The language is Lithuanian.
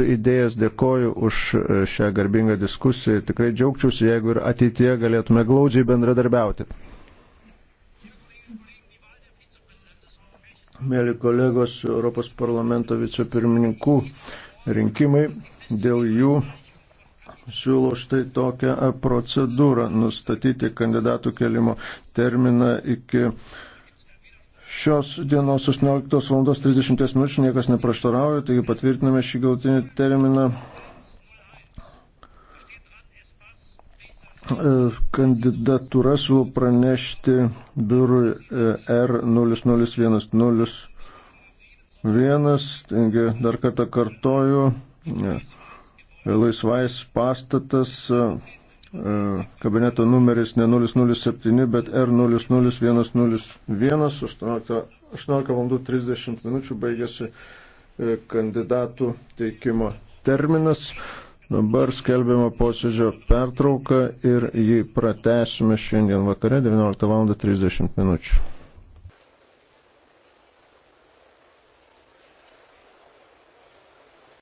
idėjas, dėkoju už e, šią garbingą diskusiją. Tikrai džiaugčiausi, jeigu ir ateitie galėtume glaudžiai bendradarbiauti. Mėly kolegos, Europos parlamento vicepirmininkų rinkimai, dėl jų siūlau štai tokią procedūrą nustatyti kandidatų kelimo terminą iki Šios dienos 18 val. 30 min. niekas neprieštarauja, taigi patvirtiname šį gautinį terminą. E, kandidatūra siūlo pranešti biurui e, R00101. Taigi dar kartą kartoju, e, laisvais pastatas E, kabineto numeris ne 007, bet R00101, 18, 18 val. 30 minučių baigėsi e, kandidatų teikimo terminas. Dabar skelbiama posėdžio pertrauka ir jį pratesime šiandien vakare 19 val. 30 minučių.